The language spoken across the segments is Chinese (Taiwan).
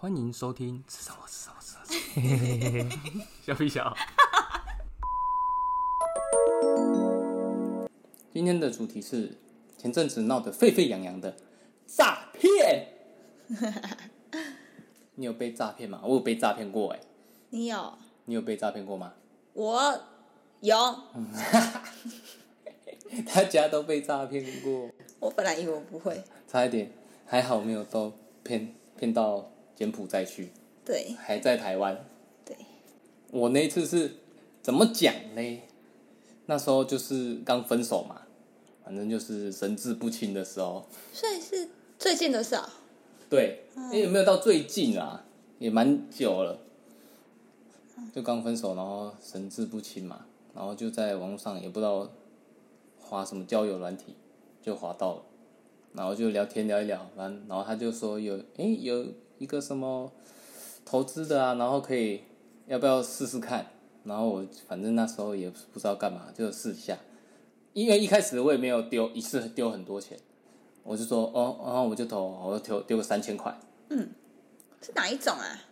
歡迎收聽《吃什麼、哦、吃什麼、哦、吃什麼嘿嘿嘿嘿嘿，笑一笑。今天的主題是前陣子鬧得沸沸揚揚的詐騙。哈哈哈！你有被詐騙嗎？我有被詐騙過、欸、你有？你有被詐騙過嗎？我有。 大家都被詐騙過。我本來以為我不會。差一點，還好沒有都騙騙到。柬埔寨去，對，還在台灣，對，我那次是怎麼講呢？那時候就是剛分手嘛，反正就是神志不清的時候，所以是最近的事啊。對，因為、嗯欸、有沒有到最近啊，也蠻久了，就剛分手，然後神志不清嘛，然後就在網絡上也不知道，滑什麼交友軟體，就滑到了，然後就聊天聊一聊，然後他就說有，哎、欸、有。一個什麼投資的啊，然後可以要不要試試看？然後我反正那時候也不知道幹嘛，就試一下。因為一開始我也沒有丟一次丟很多錢，我就說哦哦，我就投，我就丢丟個三千塊。嗯，是哪一種啊？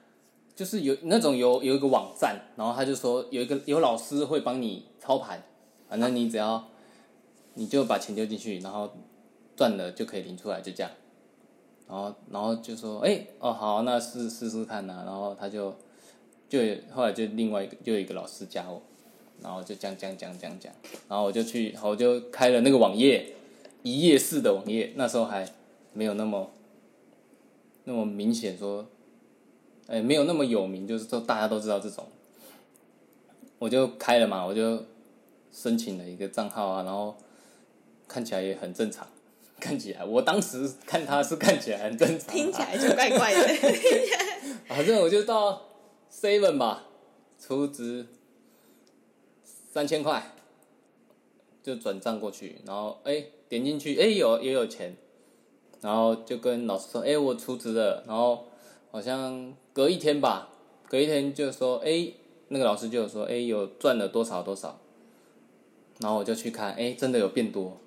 就是有那種有有一個網站，然後他就說有一個有老師會幫你操盤，反正你只要你就把錢丟進去，然後賺了就可以領出來，就這樣。然後，然後就說，哎，哦，好，那試試試看吶、啊。然後他就，就後來就另外一個又有一個老師加我，然後就講講講講講，然後我就去，我就開了那個網頁，一頁式的網頁。那時候還，沒有那麼，那麼明顯說，哎，沒有那麼有名，就是說大家都知道這種，我就開了嘛，我就申請了一個賬號啊，然後看起來也很正常。看起來，我當時看他是看起來很正常、啊。聽起來就怪怪的。 聽起來 反正我就到 seven 吧，出資三千塊，就轉賬過去，然後哎、欸、點進去，哎、欸、有也有錢，然後就跟老師說，哎、欸、我出資了，然後好像隔一天吧，隔一天就說，哎、欸、那個老師就有說，哎、欸、有賺了多少多少，然後我就去看，哎、欸、真的有變多，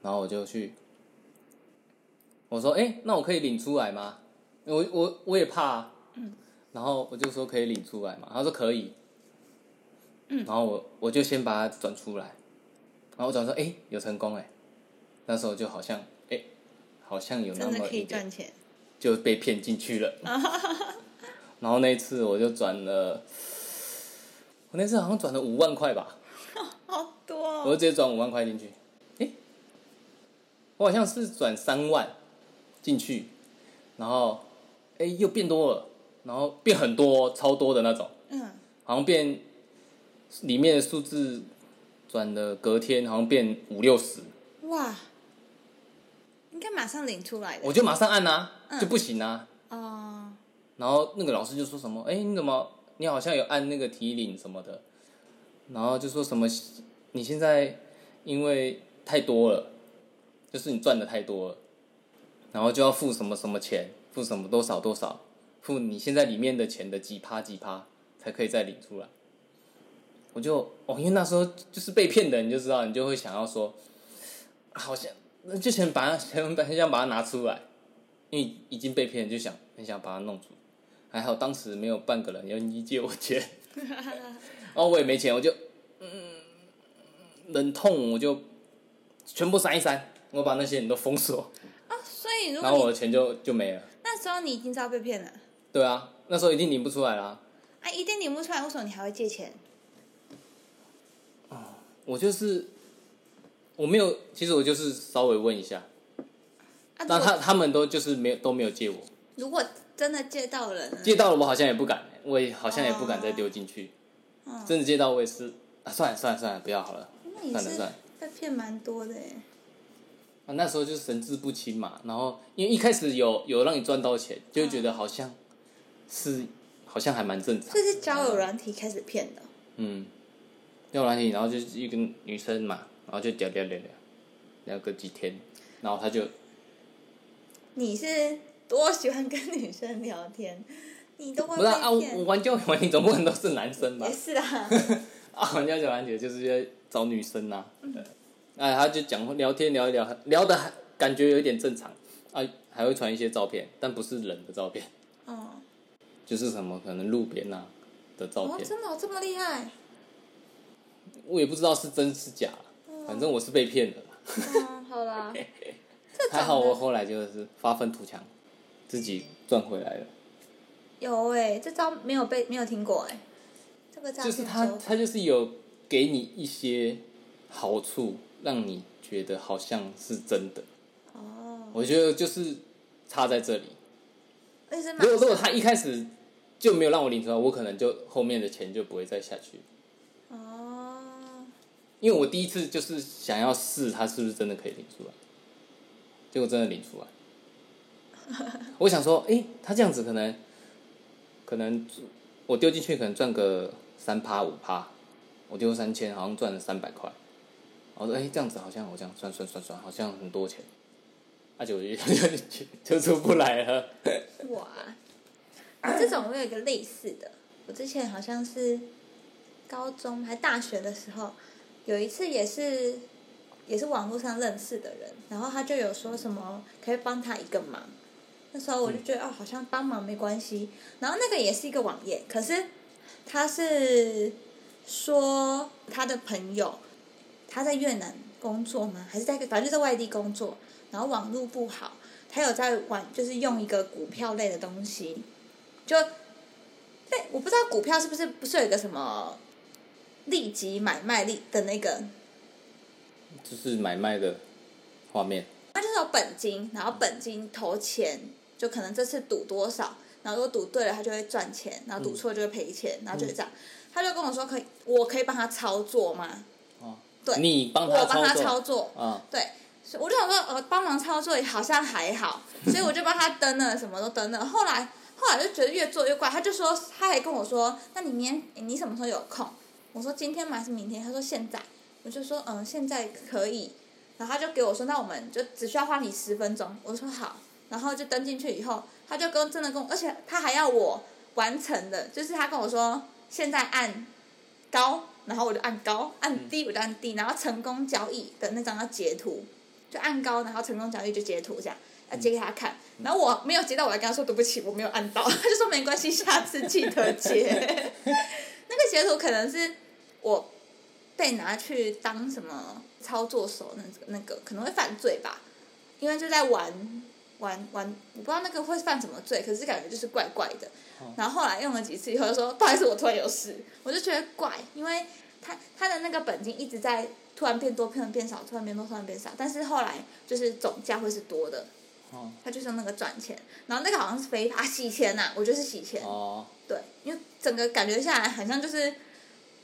然後我就去。我說：“哎、欸，那我可以領出來嗎？我我我也怕、啊，嗯、然後我就說可以領出來嘛。”他說：“可以。嗯”然後我我就先把它轉出來，然後我轉說：“哎、欸，有成功哎！”那時候就好像哎、欸，好像有那麼一點，真的可以賺錢，就被騙進去了。啊、哈哈哈哈然後那一次我就轉了，我那次好像轉了五萬塊吧，好多、哦！我就直接轉五萬塊進去。哎、欸，我好像是轉三萬。進去，然後，哎，又變多了，然後變很多，哦，超多的那種。嗯。好像變，裡面的數字，轉了隔天好像變五六十。哇。應該馬上領出來。我就馬上按吶，啊，嗯，就不行吶，啊。哦，嗯。然後那個老師就說什麼？哎，你怎麼？你好像有按那個提領什麼的，然後就說什麼？你現在因為太多了，就是你賺的太多了。然後就要付什麼什麼錢，付什麼多少多少，付你現在裡面的錢的幾趴幾趴，才可以再領出來。我就哦，因為那時候就是被騙的，你就知道，你就會想要說，好像就想把它，很想把它拿出來，因為已經被騙了，就想很想把它弄出。還好當時沒有半個人要你借我錢，然後、 哦、我也沒錢，我就，嗯，忍、嗯、痛我就全部刪一刪，我把那些人都封鎖。哦、所以如果，然後我的錢就就沒了。那時候你已經知道被騙了。對啊，那時候已經領不出來啦。啊，一定領不出來，為什麼你還會借錢？哦，我就是，我沒有，其實我就是稍微問一下。那、啊、他他們都就是沒有都沒有借我。如果真的借到了呢，借到了我好像也不敢，我也好像也不敢再丟進去。哦、真的借到我也是，算了算了算了，不要好了。那算了，被騙蠻多的哎。啊，那時候就神志不清嘛，然後因為一開始有有讓你賺到錢，就覺得好像是、啊、好像還蠻正常。這是交友軟體開始騙的。嗯，交友軟體，然後就一個女生嘛，然後就聊聊聊聊，聊個幾天，然後他就。你是多喜歡跟女生聊天？你都。不是啊，啊我玩交友軟體，總不能都是男生吧？也是啦。 啊，玩交友軟體就是要找女生吶、啊。嗯哎，他就講聊天聊一聊，聊的感覺有點正常，啊，還會傳一些照片，但不是人的照片，哦、就是什麼可能路邊啊的照片。哦，真的、哦、這麼厲害？我也不知道是真是假，哦、反正我是被騙的、哦。好啦，還好，我後來就是發憤圖強，自己賺回來了。有哎、欸，這招沒有被沒有聽過哎、欸，這個招就是他他就是有給你一些好處。讓你覺得好像是真的，哦，我覺得就是差在這裡。如果如果他一開始就沒有讓我領出來，我可能就後面的錢就不會再下去。哦，因為我第一次就是想要試他是不是真的可以領出來，結果真的領出來。我想說，誒，他這樣子可能可能我丟進去可能賺個三趴五趴，我丟三千，好像賺了三百塊。我說：“哎、哦欸，這樣子好像好像，算算算算，算，好像很多錢，我、啊、就就，就，就出不來了。哇”我啊這種我有一個類似的，我之前好像是高中還大學的時候，有一次也是也是網絡上認識的人，然後他就有說什麼可以幫他一個忙，那時候我就覺得、嗯、哦，好像幫忙沒關係。然後那個也是一個網頁，可是他是說他的朋友。他在越南工作嗎？還是在，反正就在外地工作，然後網絡不好。他有在玩，就是用一個股票類的東西，就，對，我不知道股票是不是不是有一個什麼立即買賣力的那個，就是買賣的畫面。他就是有本金，然後本金投錢，就可能這次賭多少，然後如果賭對了，他就會賺錢，然後賭錯就會賠錢，嗯、然後就是這樣。他就跟我說：“可以，我可以幫他操作嗎？”對你幫他操作，我幫他操作哦、對，我就想說，呃，幫忙操作也好像還好，所以我就幫他登了，什麼都登了。後來，後來就覺得越做越怪，他就說，他還跟我說，那你明天你什麼時候有空？我說今天嘛，還是明天。他說現在，我就說嗯，現在可以。然後他就給我說，那我們就只需要花你十分鐘。我說好，然後就登進去以後，他就跟真的跟我，而且他還要我完成的，就是他跟我說，現在按高。然後我就按高，按低我就按低，然後成功交易的那張要截圖，就按高，然後成功交易就截圖這樣，要截給他看。嗯、然後我沒有截到，我還跟他說對不起，我沒有按到。他是 就說沒關係，下次記得截。 那個截圖可能是我被拿去當什麼操作手，那那個可能會犯罪吧，因為就在玩。玩玩，我不知道那個會犯什麼罪，可是感覺就是怪怪的。哦、然後後來用了幾次以後，就說：“不好意思，我突然有事。”我就覺得怪，因為他他的那個本金一直在突然變多，突然變少，突然變多，突然變，變少。但是後來就是總價會是多的。他、哦、就是用那個賺錢，然後那個好像是非法、啊、洗錢吶、啊，我就是洗錢。哦。對，因為整個感覺下來，好像就是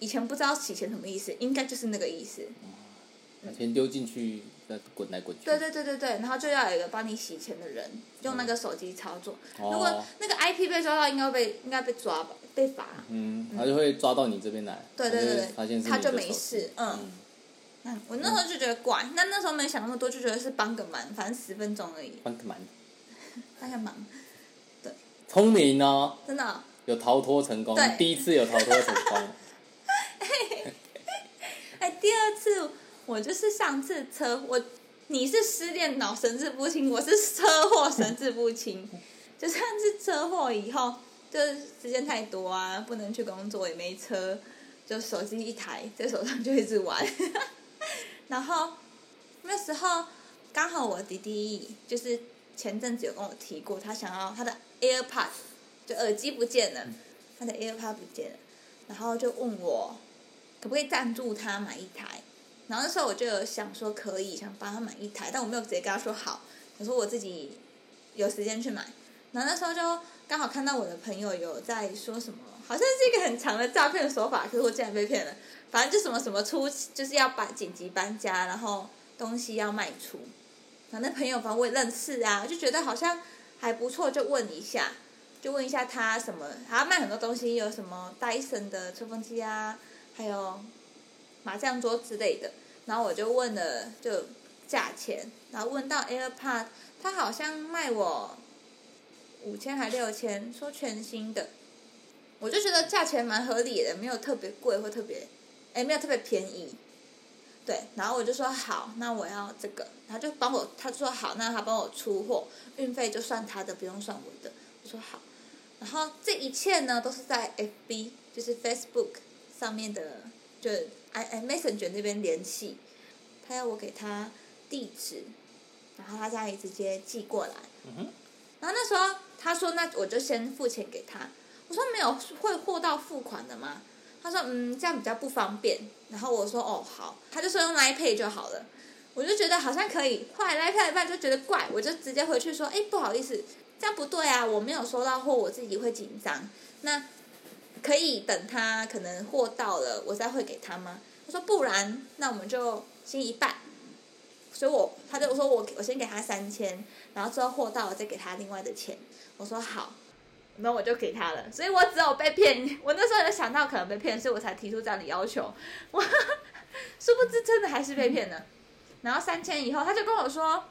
以前不知道洗錢什麼意思，應該就是那個意思。把錢、嗯、丟進去。滾來滾去。對對對對對，然後就要有一個幫你洗錢的人，用那個手機操作。如果那個 IP 被抓到，應該被應該被抓吧，被罰。嗯，他就會抓到你這邊來。對對對對，他就沒事。嗯。我那時候就覺得怪，那那時候沒想那麼多，就覺得是幫個忙，反正十分鐘而已。幫個忙。幫個忙。對。聰明哦。真的。有逃脫成功。第一次有逃脫成功。哎，第二次。我就是上次車我，你是失戀腦神志不清，我是車禍神志不清。就上次車禍以後，就時間太多啊，不能去工作，也沒車，就手機一台在手上就一直玩。 然後那時候剛好我弟弟就是前陣子有跟我提過，他想要他的 AirPods，就耳機不見了，嗯、他的 AirPods 不見了，然後就問我可不可以贊助他買一台。然後那時候我就有想說可以，想幫他買一台，但我沒有直接跟他說好，我說我自己有時間去買。然後那時候就剛好看到我的朋友有在說什麼，好像是一個很長的詐騙手法，可是我竟然被騙了。反正就什麼什麼出，就是要搬緊急搬家，然後東西要賣出。然後那朋友反正我也認識啊，就覺得好像還不錯，就問一下，就問一下他什麼，他賣很多東西，有什麼戴森的吹風機啊，還有。麻將桌之類的，然後我就問了就價錢，然後問到 AirPod，他好像賣我五千還六千，說全新的，我就覺得價錢蠻合理的，沒有特別貴或特別，哎、欸，沒有特別便宜，對，然後我就說好，那我要這個，他就幫我他說好，那他幫我出貨，運費就算他的，不用算我的，我說好，然後這一切呢都是在 FB，就是 Facebook 上面的。就哎哎，Messenger 那邊聯繫，他要我給他地址，然後他家裡直接寄過來。嗯哼然後那時候他說：“那我就先付錢給他。”我說：“沒有會貨到付款的嗎？”他說：“嗯，這樣比較不方便。”然後我說：“哦，好。”他就說用 iPay 就好了。我就覺得好像可以，後來 iPay 一半就覺得怪，我就直接回去說：“哎，不好意思，這樣不對啊！我沒有收到貨，我自己會緊張。”那。可以等他可能貨到了，我再匯給他嗎？他說不然，那我們就先一半。所以我他就我說我我先給他三千，然後之後貨到了再給他另外的錢。我說好，那我就給他了。所以我只有被騙，我那時候有想到可能被騙，所以我才提出這樣的要求。我殊不知真的還是被騙了。然後三千以後，他就跟我說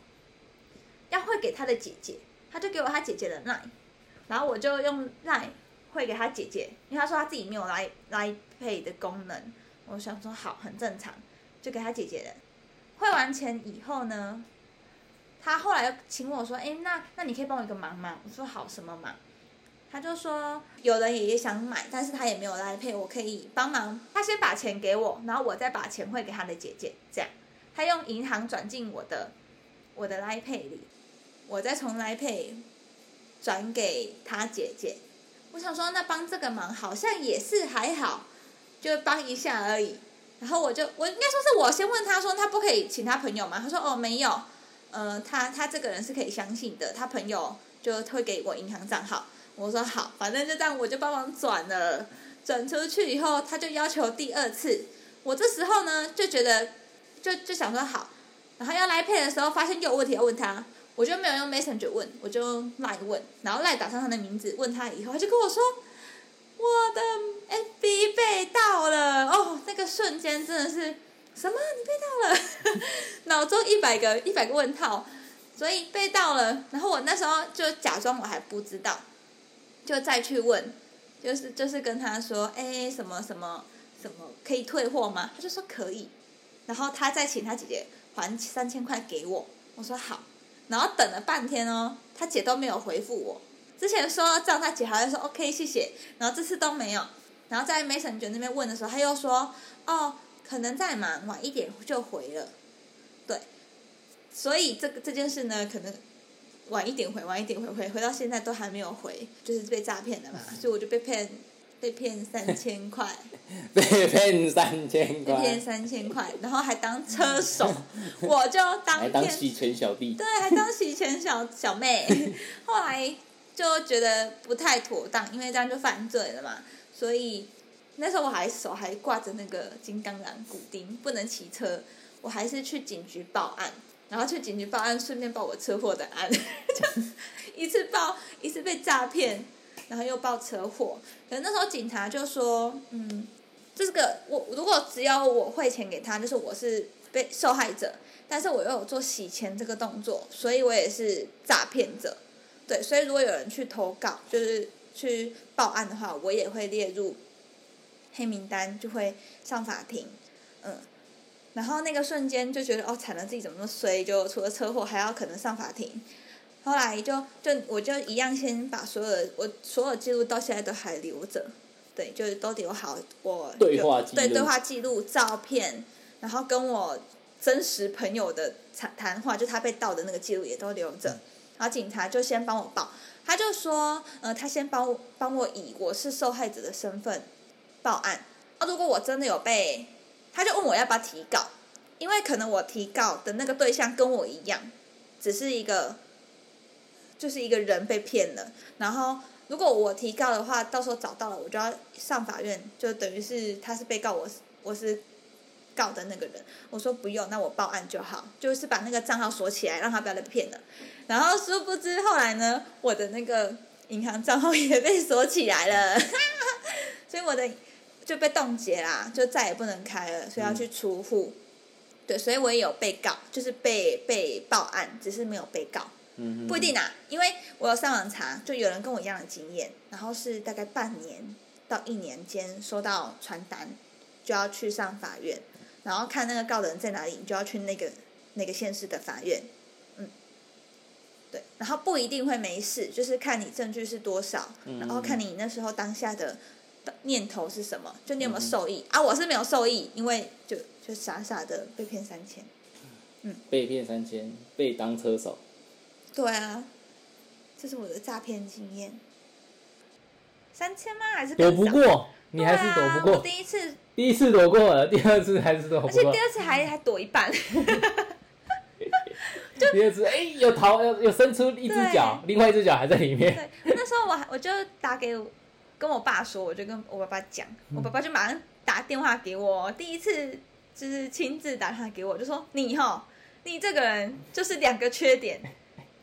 要匯給他的姐姐，他就給我他姐姐的 line，然後我就用 line。匯給他姐姐，因為他說他自己沒有 LINE LINE Pay 的功能。我想說好，很正常，就給他姐姐的。匯完錢以後呢，他後來又請我說：“哎，那那你可以幫我一個忙嗎？”我說：“好，什麼忙？”他就說有人也想買，但是他也沒有 LINE Pay，我可以幫忙。他先把錢給我，然後我再把錢匯給他的姐姐。這樣，他用銀行轉進我的我的 LINE Pay 裡，我再從 LINE Pay 轉給他姐姐。我想說，那幫這個忙好像也是還好，就幫一下而已。然後我就我應該說是我先問他說，他不可以請他朋友嗎？他說哦沒有，嗯、呃，他他這個人是可以相信的，他朋友就會給我銀行賬號。我說好，反正就這樣，我就幫忙轉了。轉出去以後，他就要求第二次。我這時候呢就覺得就就想說好，然後要來配的時候，發現又有問題要問他。我就沒有用 messenger 問，我就 LINE 問，然後 LINE 打上他的名字問他，以後他就跟我說：“我的 FB 被盜了。”哦，那個瞬間真的是什麼？你被盜了？ 腦中一百個一百個問號。所以被盜了，然後我那時候就假裝我還不知道，就再去問，就是就是跟他說：“哎，什麼什麼什麼可以退貨嗎？”他就說可以，然後他再請他姐姐還三千塊給我，我說好。然後等了半天哦，他姐都沒有回復我。之前說叫他姐還是說 OK，謝謝。然後這次都沒有。然後在美晨姐那邊問的時候，他又說哦，可能在忙，晚一點就回了。對，所以這個這件事呢，可能晚一點回，晚一點回，回回到現在都還沒有回，就是被詐騙了嘛，所以我就被騙。被騙三千塊， 被騙三千塊，被騙三千塊，然後還當車手， 我就當，當洗錢小弟，對，還當洗錢小小妹。 後來就覺得不太妥當，因為這樣就犯罪了嘛。所以那時候我還手還掛着那個金剛狼骨釘，不能騎車，我還是去警局報案，然後去警局報案，順便報我車禍的案， 就一次報，一次被詐騙。然後又報車禍，可能那時候警察就說，嗯，這個我如果只要我匯錢給他，就是我是被受害者，但是我又有做洗錢這個動作，所以我也是詐騙者，對，所以如果有人去投稿，就是去報案的話，我也會列入黑名單，就會上法庭，嗯，然後那個瞬間就覺得，哦，慘了，自己怎麼那麼衰，就除了車禍還要可能上法庭。後來就就我就一樣先把所有的我所有記錄到現在都還留着，對，就是都留好我對話對，對話記錄、照片，然後跟我真實朋友的談談話，就他被盜的那個記錄也都留着。然後警察就先幫我報，他就說，呃，他先幫幫我以我是受害者的身份報案。啊，如果我真的有被，他就問我要不要提告，因為可能我提告的那個對象跟我一樣，只是一個。就是一個人被騙了，然後如果我提告的話，到時候找到了，我就要上法院，就等於是他是被告，我是，我我是告的那個人。我說不用，那我報案就好，就是把那個賬號鎖起來，讓他不要再騙了。然後殊不知後來呢，我的那個銀行賬號也被鎖起來了， 所以我的就被凍結啦，就再也不能開了，所以要去出戶。嗯、對，所以我也有被告，就是被被報案，只是沒有被告。不一定啊，因為我有上網查，就有人跟我一樣的經驗，然後是大概半年到一年間收到傳單，就要去上法院，然後看那個告的人在哪裡，你就要去那個那個縣市的法院。嗯，對，然後不一定會沒事，就是看你證據是多少，嗯、哼然後看你那時候當下的念頭是什麼，就你有沒有受益、嗯、哼啊？我是沒有受益，因為就就傻傻的被騙三千，嗯，被騙三千，被當車手。對啊，這是我的詐騙經驗。三千嗎？還是躲不過？你還是躲不過。啊、第一次，第一次躲過了，第二次還是躲。而且第二次還還躲一半。 就第二次，哎，有逃有，有伸出一只腳，對另外一只腳還在裡面。對，那時候我我就打給我，跟我爸說，我就跟我爸爸講，嗯、我爸爸就馬上打電話給我，第一次就是親自打電話給我，就說你哈，你這個人就是兩個缺點。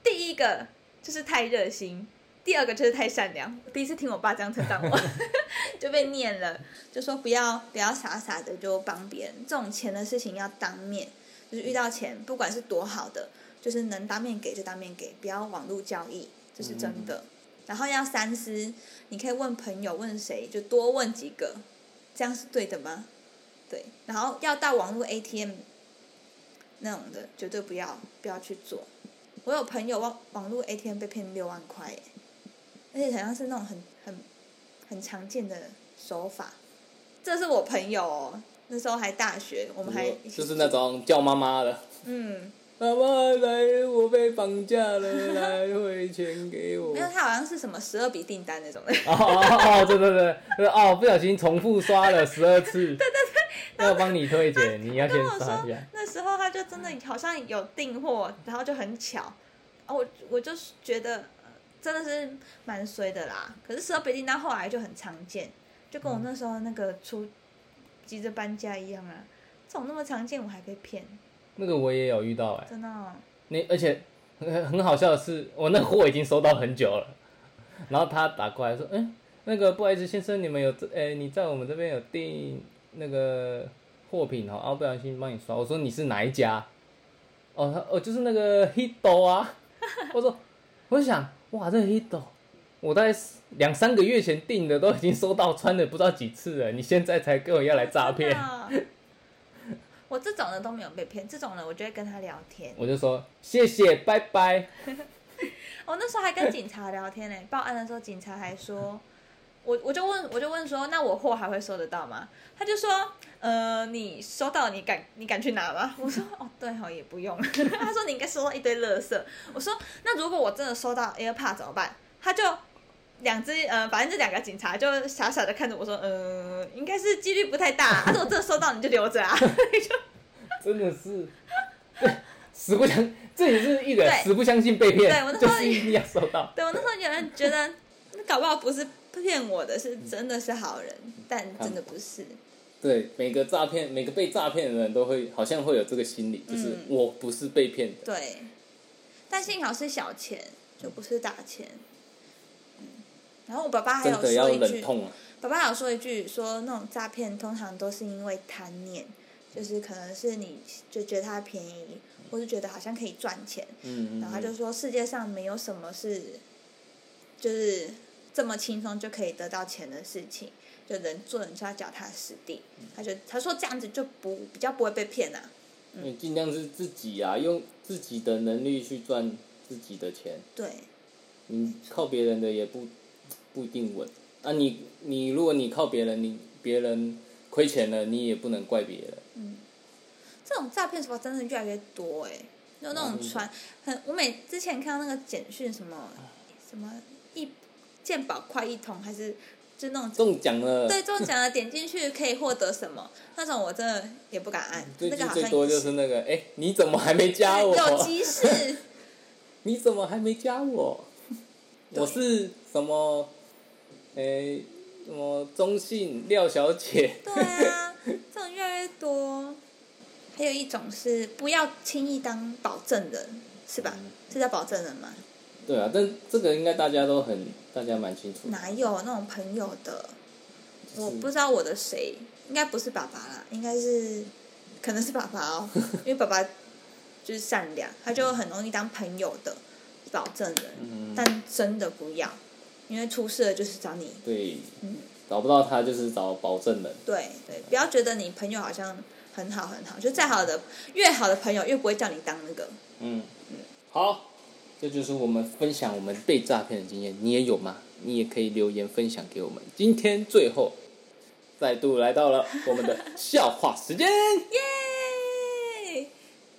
第一個就是太熱心，第二個就是太善良。第一次聽我爸這樣稱讚我， 就被念了，就說不要不要傻傻的就幫別人，這種錢的事情要當面，就是遇到錢，嗯、不管是多好的，就是能當面給就當面給，不要網絡交易，這、就是真的。嗯嗯然後要三思，你可以問朋友問誰，就多問幾個，這樣是對的嗎？對。然後要到網絡 ATM 那種的，絕對不要不要去做。我有朋友網網路 ATM 被騙六萬塊，欸，而且好像是那種很很很常見的手法。這是我朋友，喔，哦，那時候還大學，我們還、嗯、就是那種叫媽媽的，嗯，媽媽來，我被綁架了，來匯錢給我， 沒有，他好像是什麼十二筆訂單那種的，哦哦哦，對對對，哦，oh,，不小心重複刷了十二次，對 對。對對我幫你退錢，他他你要先發過。那時候他就真的好像有訂貨，然後就很巧。我我就是覺得，真的是蠻衰的啦。可是時候北京，到後來就很常見，就跟我那時候那個出急着搬家一樣啊。這種那麼常見，我還被騙？那個我也有遇到哎、欸，真的、喔。你而且很，很好笑的是，我那貨已經收到很久了， 然後他打過來說：“嗯、欸，那個不好意思，先生，你們有哎、欸，你在我們這邊有訂？”那個貨品哦，啊，不小心幫你刷。我說你是哪一家？哦，他哦，就是那個黑斗啊。我說，我就想，哇，這黑斗，我在兩三個月前訂的，都已經收到，穿了不知道幾次了，你現在才跟我要來詐騙。啊，真的。我這種人都沒有被騙，這種人我就會跟他聊天。我就說謝謝，拜拜。 我那時候還跟警察聊天呢、欸，報案的時候警察還說。我我就問，我就問說，那我貨還會收得到嗎？他就說，呃，你收到，你敢你敢去拿嗎？我說，哦，對哦，也不用。他說，你應該收到一堆垃圾。我說，那如果我真的收到，AirPods 怎麼辦？他就兩隻，呃，反正這兩個警察就傻傻的看着我說，嗯，應該是幾率不太大。他說我真的收到，你就留着啊。就真的是，死不相，這也是一人死不相信被騙。對我那時候一定要收到。對我那時候有人覺得，那搞不好不是。騙我的是真的是好人，嗯、但真的不是。對，每個詐騙，每個被詐騙的人都會好像會有這個心理，嗯、就是我不是被騙的。對，但幸好是小錢，就不是大錢，嗯。然後我爸爸還有說一句，啊、爸爸還有說一句說，那種詐騙通常都是因為貪念，就是可能是你就覺得它便宜，或是覺得好像可以賺錢。嗯，嗯，嗯，然後他就說，世界上沒有什麼是，就是。這麼輕鬆就可以得到錢的事情，就人做人就要腳踏實地。他就他說這樣子就不比較不會被騙啊，嗯，盡量是自己啊，用自己的能力去賺自己的錢。對。你靠別人的也不不一定穩。啊你，你你如果你靠別人，你別人虧錢了，你也不能怪別人。嗯，這種詐騙手法真的越來越多哎、欸，就那種傳，我每之前看到那個簡訊什麼什麼一。健保快易通還是就那種中獎了？對，中獎了，點進去可以獲得什麼？ 那種我真的也不敢按。那個最，最多就是那個，哎、 欸，你怎麼還沒加我？有急事。你怎麼還沒加我？對我是什麼？哎、欸，什麼中信廖小姐？ 對啊，這種越來越多。還有一種是不要輕易當保證人，是吧？嗯、這叫保證人嗎？對啊，但這個應該大家都很。大家蠻清楚，哪有那種朋友的？就是、我不知道我的誰，應該不是爸爸啦，應該是，可能是爸爸、喔，哦， 因為爸爸就是善良，他就很容易當朋友的保證人。嗯、但真的不要，因為出事了就是找你。對。嗯、找不到他就是找保證人。對對，不要覺得你朋友好像很好很好，就再好的越好的朋友越不會叫你當那個。嗯。嗯好。這就是我們分享我們被詐騙的經驗，你也有嗎？你也可以留言分享給我們。今天最後，再度來到了我們的笑話時間。耶！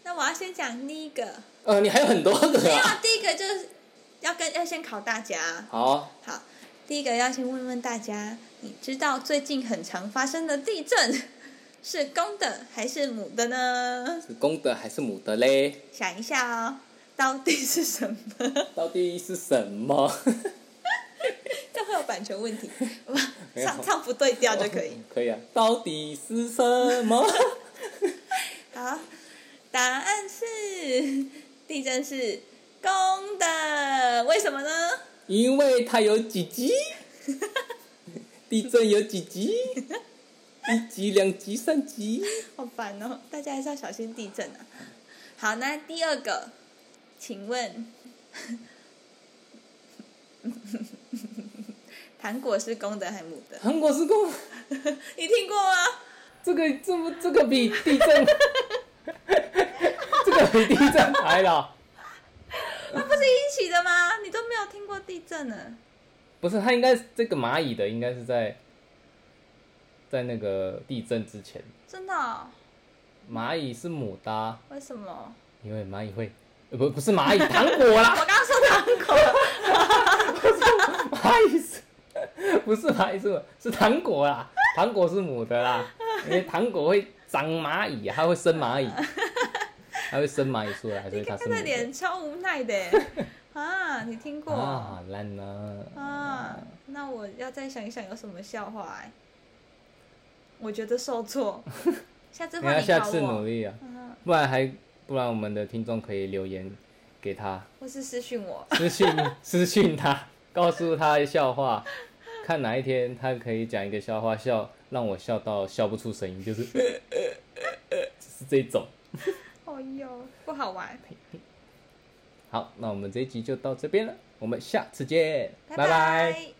那我要先講第一個。呃，你還有很多個。第一個就是要跟要先考大家。好。好，第一個要先問問大家，你知道最近很常發生的地震是公的還是母的呢？是公的還是母的嘞？想一下哦。到底是什麼？到底是什麼？ 這會有版權問題，唱 唱不對調就可以、哦。可以啊。到底是什麼？ 好，答案是地震是公的，為什麼呢？因為它有幾級？ 地震有幾級？ 一級、兩級、三級。好煩哦！大家還是要小心地震啊。好，那第二個。請問，糖果是公的還是母的？糖果是公，你聽過嗎？這個這不、個、這個比地震， 這個比地震還老。那 老不是一起的嗎？你都沒有聽過地震呢。不是，它應該這個螞蟻的應該是在在那個地震之前。真的、哦？螞蟻是母的、啊？為什麼？因為螞蟻會。不不是螞蟻，糖果啦！ 我剛剛說糖果，哈哈哈哈是，不是螞蟻是是糖果啦，糖果是母的啦， 因為糖果會長螞蟻，還會生螞蟻，還 會生螞蟻出來，還是它生的？你看那臉超無奈的 啊！你聽過啊？爛了，啊啊，那我要再想一想有什麼笑話？哎？我覺得受挫， 下次你要下次努力啊，不然還。不然我們的聽眾可以留言給他，或是私訊我，私訊私訊他， 告訴他笑話，看哪一天他可以講一個笑話笑讓我笑到笑不出聲音，就是 就是這種。哎喲、哦、 不好玩。好，那我們這一集就到這邊了，我們下次見，拜拜。拜拜。